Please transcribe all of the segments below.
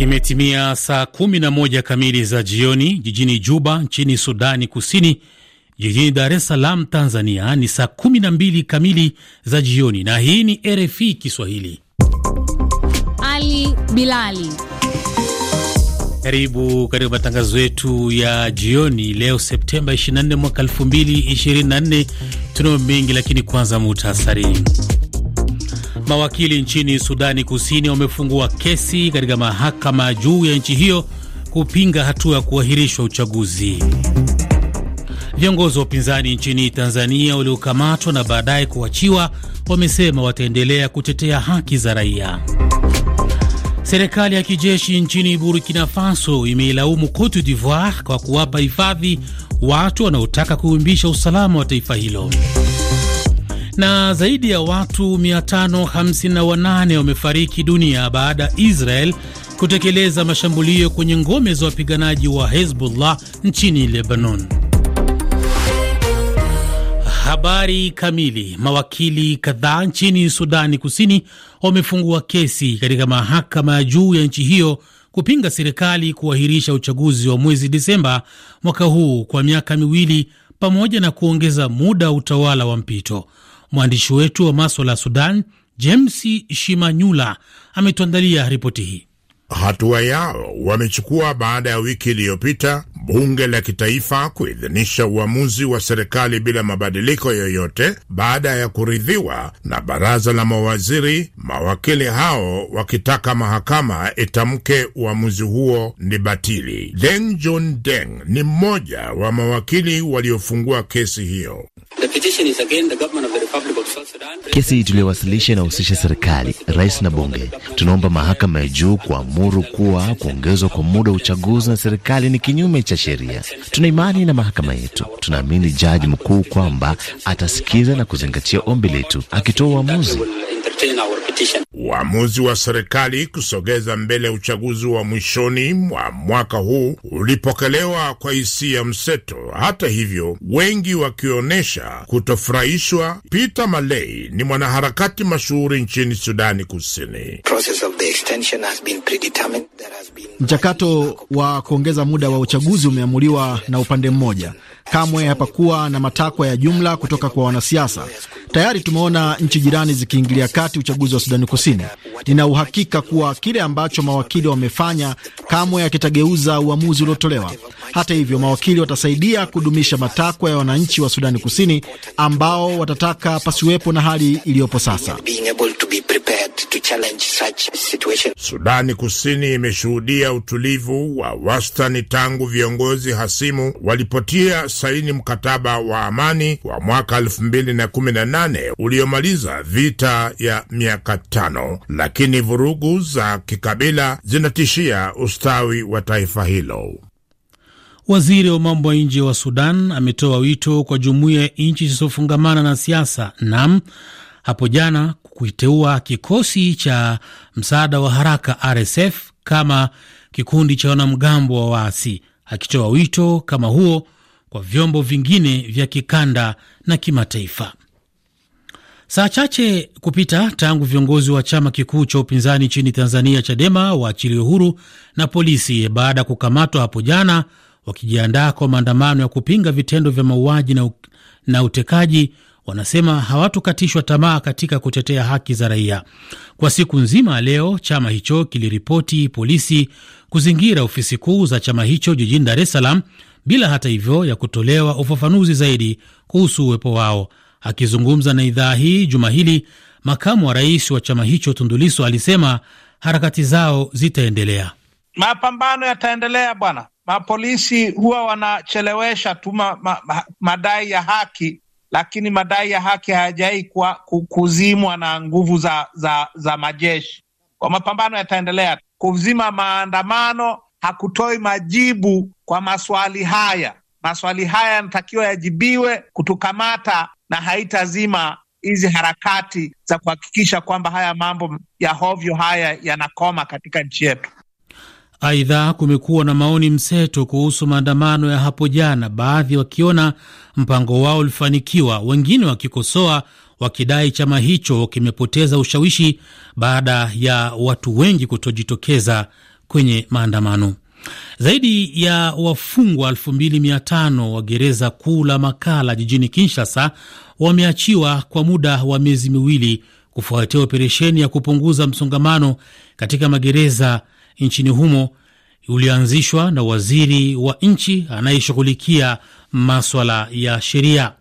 Imetimia saa 11 kamili za jioni jijini Juba nchini Sudani Kusini. Jijini Dar es Salaam Tanzania ni saa 12 kamili za jioni, na hii ni RFI Kiswahili. Ali Bilali, karibu katika matangazo yetu ya jioni leo Septemba 24 mwaka 2024. Tunayo mengi, lakini kwanza muhtasari Mawakili nchini Sudani Kusini wamefungua kesi katika mahakama juu ya nchi hiyo kupinga hatua ya kuahirishwa uchaguzi. Viongozi wa upinzani nchini Tanzania waliokamatwa na baadaye kuachiwa wamesema wataendelea kutetea haki za raia. Serikali ya kijeshi nchini Burkina Faso imeilaumu Cote d'Ivoire kwa kuwapa hifadhi watu wanaotaka kuimbisha usalama wa taifa hilo. Na zaidi ya watu 558 wamefariki dunia baada ya Israel kutekeleza mashambulio kwenye ngome za wapiganaji wa Hezbollah nchini Lebanon. Habari kamili. Mawakili kadhaa nchini Sudani Kusini wamefungua kesi katika mahakama ya juu ya nchi hiyo kupinga serikali kuahirisha uchaguzi wa mwezi disemba mwaka huu kwa miaka miwili pamoja na kuongeza muda wa utawala wa mpito. Mwandishi wetu wa maswala ya Sudan James Shimanyula ametuandalia ripoti hii. Hatua yao wamechukua baada ya wiki iliyopita bunge la kitaifa kuidhinisha uamuzi wa serikali bila mabadiliko yoyote, baada ya kuridhiwa na baraza la mawaziri, mawakili hao wakitaka mahakama itamke uamuzi huo ni batili. Deng John Deng ni mmoja wa mawakili waliofungua kesi hiyo. Kesi tuliyowasilisha inahusisha serikali, rais na bunge. Tunaomba mahakama ya juu kuamua kuamuru kuwa kuongezwa kwa muda wa uchaguzi na serikali ni kinyume cha sheria. Tuna imani na mahakama yetu, tunaamini jaji mkuu kwamba atasikiza na kuzingatia ombi letu akitoa uamuzi. Uamuzi wa serikali kusogeza mbele ya uchaguzi wa mwishoni mwa mwaka huu ulipokelewa kwa hisia mseto, hata hivyo, wengi wakionyesha kutofurahishwa. Peter Malei ni mwanaharakati mashuhuri nchini Sudani Kusini. Mchakato wa kuongeza muda wa uchaguzi umeamuliwa na upande mmoja. Kamwe hapakuwa na matakwa ya jumla kutoka kwa wanasiasa. Tayari tumeona nchi jirani zikiingilia kati uchaguzi wa Sudani Kusini. Aksine Nina uhakika kuwa kile ambacho mawakili wamefanya kamwe hakitageuza uamuzi uliotolewa. Hata hivyo, mawakili watasaidia kudumisha matakwa ya wananchi wa Sudani Kusini ambao watataka pasiwepo na hali iliyopo sasa. Sudani Kusini imeshuhudia utulivu wa wastani tangu viongozi hasimu walipotia saini mkataba wa amani wa mwaka 2018 uliomaliza vita ya miaka tano lakini vurugu za kikabila zinatishia ustawi wa taifa hilo. Waziri wa mambo ya nje wa Sudan ametoa wito kwa jumuiya ya nchi zisizofungamana na siasa nam hapo jana kuiteua kikosi cha msaada wa haraka RSF kama kikundi cha wanamgambo wa waasi, akitoa wito kama huo kwa vyombo vingine vya kikanda na kimataifa. Saa chache kupita tangu viongozi wa chama kikuu cha upinzani nchini Tanzania, Chadema, waachiliwe huru na polisi baada ya kukamatwa hapo jana wakijiandaa kwa maandamano ya kupinga vitendo vya mauaji na, na utekaji, wanasema hawatukatishwa tamaa katika kutetea haki za raia. Kwa siku nzima leo, chama hicho kiliripoti polisi kuzingira ofisi kuu za chama hicho jijini Dar es Salaam, bila hata hivyo ya kutolewa ufafanuzi zaidi kuhusu uwepo wao. Akizungumza na idhaa hii juma hili, makamu wa rais wa chama hicho Tunduliso alisema harakati zao zitaendelea. Mapambano yataendelea bwana. Mapolisi huwa wanachelewesha tu ma, ma, madai ya haki, lakini madai ya haki hayajawai kuzimwa na nguvu za, za, za majeshi. Kwa mapambano yataendelea. Kuzima maandamano hakutoi majibu kwa maswali haya. Maswali haya yanatakiwa yajibiwe, kutukamata na haitazima hizi harakati za kuhakikisha kwamba haya mambo ya hovyo haya yanakoma katika nchi yetu. Aidha, kumekuwa na maoni mseto kuhusu maandamano ya hapo jana, baadhi wakiona mpango wao ulifanikiwa, wengine wakikosoa wakidai chama hicho kimepoteza ushawishi baada ya watu wengi kutojitokeza kwenye maandamano. Zaidi ya wafungwa 2500 wa gereza kuu la Makala jijini Kinshasa wameachiwa kwa muda wa miezi miwili kufuatia operesheni ya kupunguza msongamano katika magereza nchini humo ulioanzishwa na waziri wa nchi anayeshughulikia maswala ya sheria.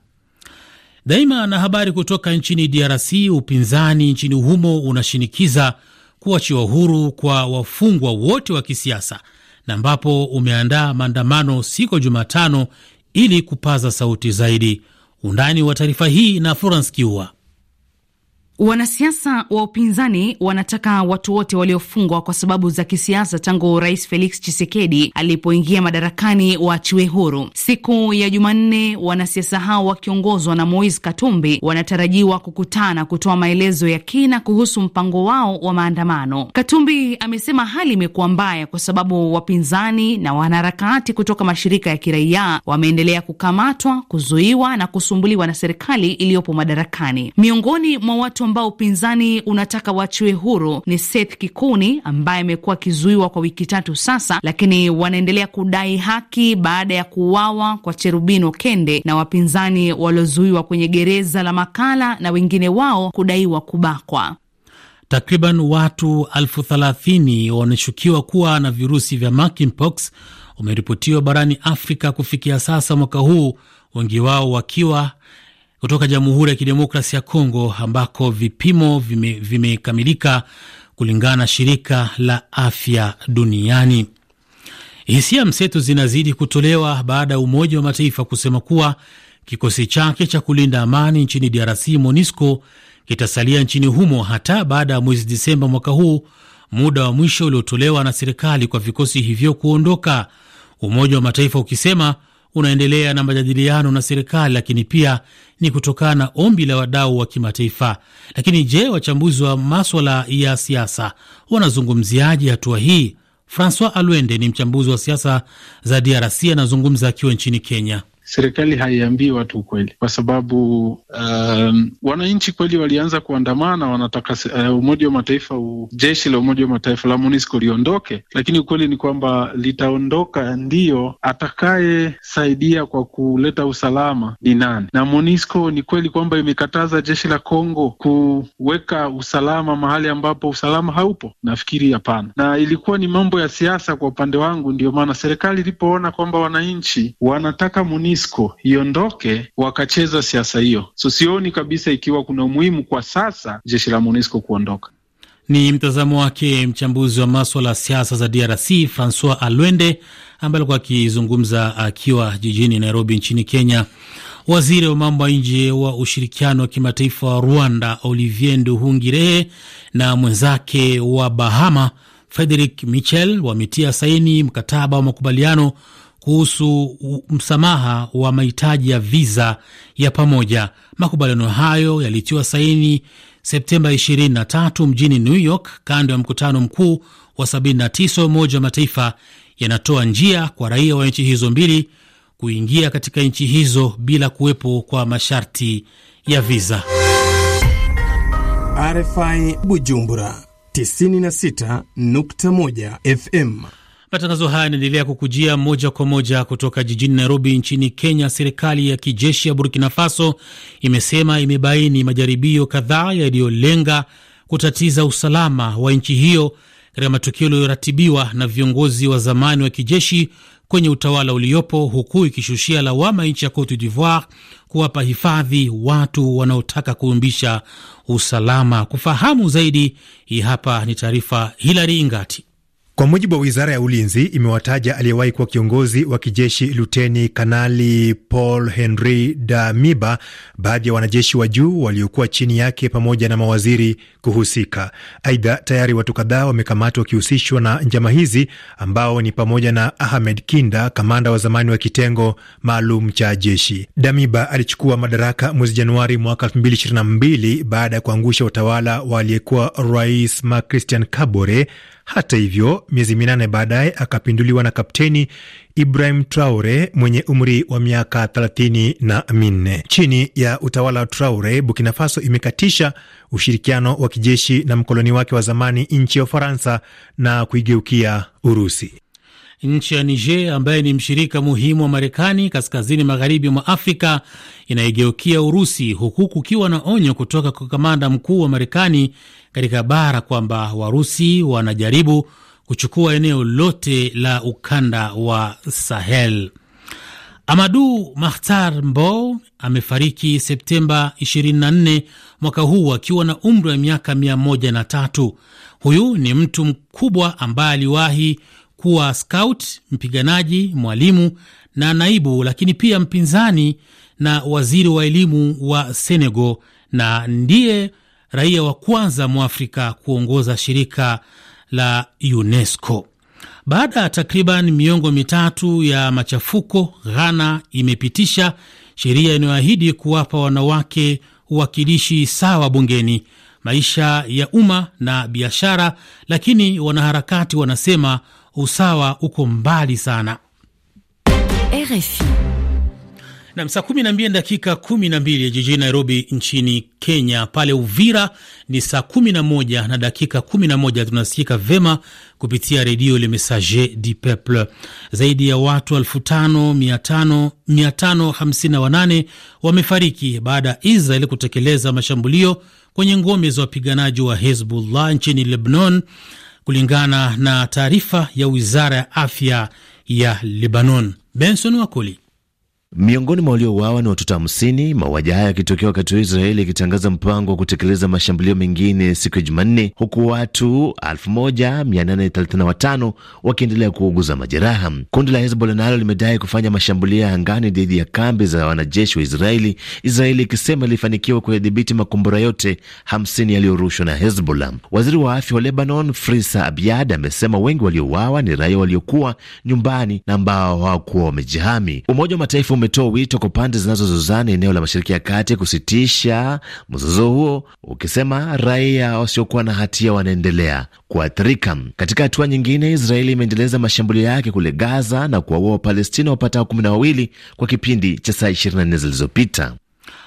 Daima na habari kutoka nchini DRC, upinzani nchini humo unashinikiza kuachiwa huru kwa wafungwa wote wa kisiasa na ambapo umeandaa maandamano siku ya Jumatano ili kupaza sauti zaidi. Undani wa taarifa hii na Florence Kiua. Wanasiasa wa upinzani wanataka watu wote waliofungwa kwa sababu za kisiasa tangu Rais Felix Tshisekedi alipoingia madarakani waachiwe huru. Siku ya Jumanne, wanasiasa hao wakiongozwa na Moise Katumbi wanatarajiwa kukutana kutoa maelezo ya kina kuhusu mpango wao wa maandamano. Katumbi amesema hali imekuwa mbaya kwa sababu wapinzani na wanaharakati kutoka mashirika ya kiraia wameendelea kukamatwa, kuzuiwa na kusumbuliwa na serikali iliyopo madarakani. Miongoni mwa watu ambao upinzani unataka wachiwe huru ni Seth Kikuni ambaye amekuwa akizuiwa kwa wiki tatu sasa, lakini wanaendelea kudai haki baada ya kuuawa kwa Cherubino Kende na wapinzani waliozuiwa kwenye gereza la Makala na wengine wao kudaiwa kubakwa. Takriban watu elfu thelathini wanashukiwa kuwa na virusi vya monkeypox wameripotiwa barani Afrika kufikia sasa mwaka huu, wengi wao wakiwa kutoka Jamhuri ya Kidemokrasi ya Kongo ambako vipimo vimekamilika vime kulingana na shirika la afya duniani. Hisia mseto zinazidi kutolewa baada ya Umoja wa Mataifa kusema kuwa kikosi chake cha kulinda amani nchini DRC MONUSCO kitasalia nchini humo hata baada ya mwezi Disemba mwaka huu, muda wa mwisho uliotolewa na serikali kwa vikosi hivyo kuondoka, Umoja wa Mataifa ukisema unaendelea na majadiliano na serikali, lakini pia ni kutokana na ombi la wadau wa kimataifa. Lakini je, wachambuzi wa maswala ya siasa wanazungumziaje hatua hii? Francois Alwende ni mchambuzi wa siasa za DRC, anazungumza akiwa nchini Kenya serikali haiambii watu ukweli, kwa sababu um, wananchi kweli walianza kuandamana, wanataka uh, Umoja wa Mataifa jeshi la Umoja wa Mataifa la MONUSCO liondoke, lakini ukweli ni kwamba litaondoka, ndiyo atakayesaidia kwa kuleta usalama ni nani? Na MONUSCO ni kweli kwamba imekataza jeshi la Kongo kuweka usalama mahali ambapo usalama haupo? Nafikiri hapana, na ilikuwa ni mambo ya siasa kwa upande wangu, ndio maana serikali ilipoona kwamba wananchi wanataka MONUSCO Isco iondoke wakacheza siasa hiyo. So sioni kabisa ikiwa kuna umuhimu kwa sasa jeshi la Monisco kuondoka. Ni mtazamo wake mchambuzi wa maswala ya siasa za DRC Francois Alwende, ambaye alikuwa akizungumza akiwa jijini Nairobi nchini Kenya. Waziri wa mambo ya nje wa ushirikiano wa kimataifa wa Rwanda Olivier Nduhungirehe na mwenzake wa Bahama Frederic Michel wametia saini mkataba wa makubaliano kuhusu msamaha wa mahitaji ya viza ya pamoja. Makubaliano hayo yalitiwa saini Septemba 23 mjini New York, kando ya mkutano mkuu wa 79 Umoja wa Mataifa, yanatoa njia kwa raia wa nchi hizo mbili kuingia katika nchi hizo bila kuwepo kwa masharti ya viza. RFI Bujumbura 96.1 FM Matangazo haya yanaendelea kukujia moja kwa moja kutoka jijini Nairobi nchini Kenya. Serikali ya kijeshi ya Burkina Faso imesema imebaini majaribio kadhaa yaliyolenga kutatiza usalama wa nchi hiyo katika matukio yaliyoratibiwa na viongozi wa zamani wa kijeshi kwenye utawala uliopo, huku ikishushia lawama nchi ya Cote d'Ivoire kuwapa hifadhi watu wanaotaka kuumbisha usalama. Kufahamu zaidi, hii hapa ni taarifa Hilary Ingati. Kwa mujibu wa wizara ya ulinzi, imewataja aliyewahi kuwa kiongozi wa kijeshi luteni kanali Paul Henri Damiba, baadhi ya wanajeshi wa juu waliokuwa chini yake pamoja na mawaziri kuhusika. Aidha, tayari watu kadhaa wamekamatwa wakihusishwa na njama hizi ambao ni pamoja na Ahmed Kinda, kamanda wa zamani wa kitengo maalum cha jeshi. Damiba alichukua madaraka mwezi Januari mwaka 2022 baada ya kuangusha utawala wa aliyekuwa rais Christian Kabore hata hivyo, miezi minane baadaye akapinduliwa na kapteni Ibrahim Traore mwenye umri wa miaka thelathini na minne. Chini ya utawala wa Traore, Burkina Faso imekatisha ushirikiano wa kijeshi na mkoloni wake wa zamani nchi ya Ufaransa na kuigeukia Urusi. Nchi ya Niger ambaye ni mshirika muhimu wa Marekani kaskazini magharibi mwa Afrika inayegeukia Urusi, huku kukiwa na onyo kutoka kwa kamanda mkuu wa Marekani katika bara kwamba Warusi wanajaribu kuchukua eneo lote la ukanda wa Sahel. Amadu Mahtar mbou amefariki Septemba 24 mwaka huu akiwa na umri wa miaka 103. Huyu ni mtu mkubwa ambaye aliwahi kuwa scout, mpiganaji, mwalimu na naibu, lakini pia mpinzani na waziri wa elimu wa Senegal, na ndiye raia wa kwanza mwafrika kuongoza shirika la UNESCO. Baada ya takriban miongo mitatu ya machafuko, Ghana imepitisha sheria inayoahidi kuwapa wanawake uwakilishi sawa bungeni, maisha ya umma na biashara, lakini wanaharakati wanasema usawa uko mbali sana. RFI nam saa kumi na mbili dakika kumi na mbili jijini Nairobi nchini Kenya. Pale Uvira ni saa kumi na moja na dakika kumi na moja. Tunasikika vema kupitia redio Le Messager du Peuple. Zaidi ya watu elfu tano mia tano hamsini na wanane wamefariki baada ya israel kutekeleza mashambulio kwenye ngome za wapiganaji wa Hezbollah nchini Lebanon kulingana na taarifa ya wizara ya afya ya Lebanon. Benson Wakoli. Miongoni mwa waliouawa ni watoto hamsini, mauaji haya yakitokea wakati huu Israeli ikitangaza mpango wa kutekeleza mashambulio mengine siku ya Jumanne, huku watu 1835 wakiendelea kuuguza majeraha. Kundi la Hezbollah nalo limedai kufanya mashambulio ya angani dhidi ya kambi za wanajeshi wa Israeli, Israeli ikisema ilifanikiwa kuyadhibiti makombora yote 50 yaliyorushwa na Hezbollah. Waziri wa afya wa Lebanon Frisa Abiad amesema wengi waliouawa ni raia waliokuwa nyumbani na ambao hawakuwa wamejihami. Umoja wa Mataifa umetoa wito kwa pande zinazozozana eneo la Mashariki ya Kati kusitisha mzozo huo, ukisema raia wasiokuwa na hatia wanaendelea kuathirika. Katika hatua nyingine, Israeli imeendeleza mashambulio yake kule Gaza na kuwaua Wapalestina wapatao kumi na wawili kwa kipindi cha saa 24 zilizopita.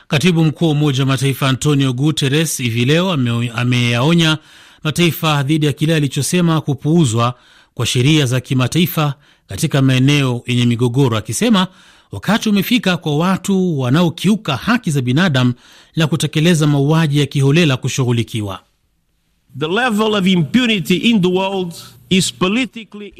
Katibu mkuu wa Umoja wa Mataifa Antonio Guterres hivi leo ameyaonya mataifa dhidi ya kile alichosema kupuuzwa kwa sheria za kimataifa katika maeneo yenye migogoro, akisema Wakati umefika kwa watu wanaokiuka haki za binadamu na kutekeleza mauaji ya kiholela kushughulikiwa.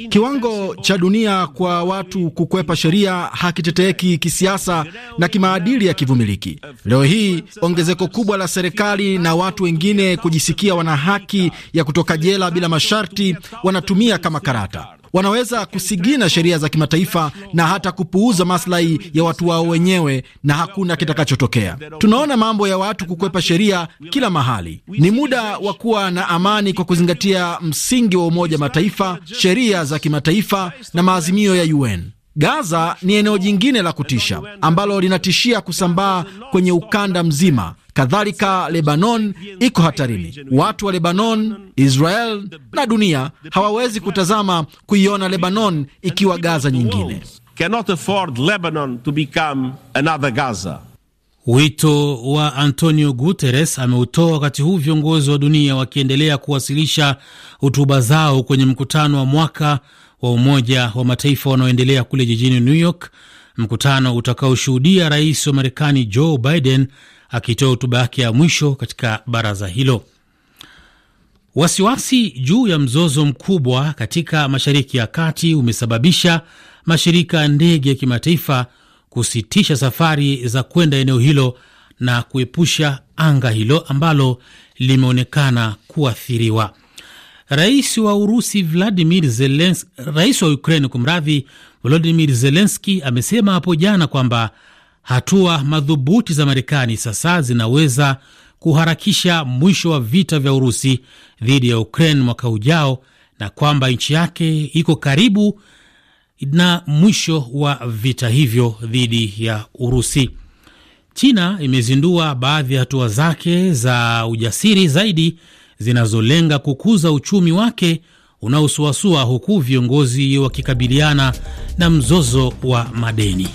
Kiwango cha dunia kwa watu kukwepa sheria hakiteteeki kisiasa na kimaadili ya kivumiliki Leo hii ongezeko kubwa la serikali na watu wengine kujisikia wana haki ya kutoka jela bila masharti wanatumia kama karata wanaweza kusigina sheria za kimataifa na hata kupuuza maslahi ya watu wao wenyewe, na hakuna kitakachotokea. Tunaona mambo ya watu kukwepa sheria kila mahali. Ni muda wa kuwa na amani kwa kuzingatia msingi wa Umoja Mataifa, sheria za kimataifa na maazimio ya UN. Gaza ni eneo jingine la kutisha ambalo linatishia kusambaa kwenye ukanda mzima Kadhalika, Lebanon iko hatarini. Watu wa Lebanon, Israel na dunia hawawezi kutazama kuiona Lebanon ikiwa Gaza nyingine. Wito wa Antonio Guterres ameutoa wakati huu viongozi wa dunia wakiendelea kuwasilisha hotuba zao kwenye mkutano wa mwaka wa Umoja wa Mataifa wanaoendelea kule jijini New York, mkutano utakaoshuhudia rais wa Marekani Joe Biden akitoa hotuba yake ya mwisho katika baraza hilo. Wasiwasi juu ya mzozo mkubwa katika Mashariki ya Kati umesababisha mashirika ya ndege ya kimataifa kusitisha safari za kwenda eneo hilo na kuepusha anga hilo ambalo limeonekana kuathiriwa. Rais wa Urusi Vladimir Zelensky, rais wa Ukraine kumradhi, Volodimir Zelenski amesema hapo jana kwamba hatua madhubuti za Marekani sasa zinaweza kuharakisha mwisho wa vita vya Urusi dhidi ya Ukraine mwaka ujao na kwamba nchi yake iko karibu na mwisho wa vita hivyo dhidi ya Urusi. China imezindua baadhi ya hatua zake za ujasiri zaidi zinazolenga kukuza uchumi wake unaosuasua huku viongozi wakikabiliana na mzozo wa madeni.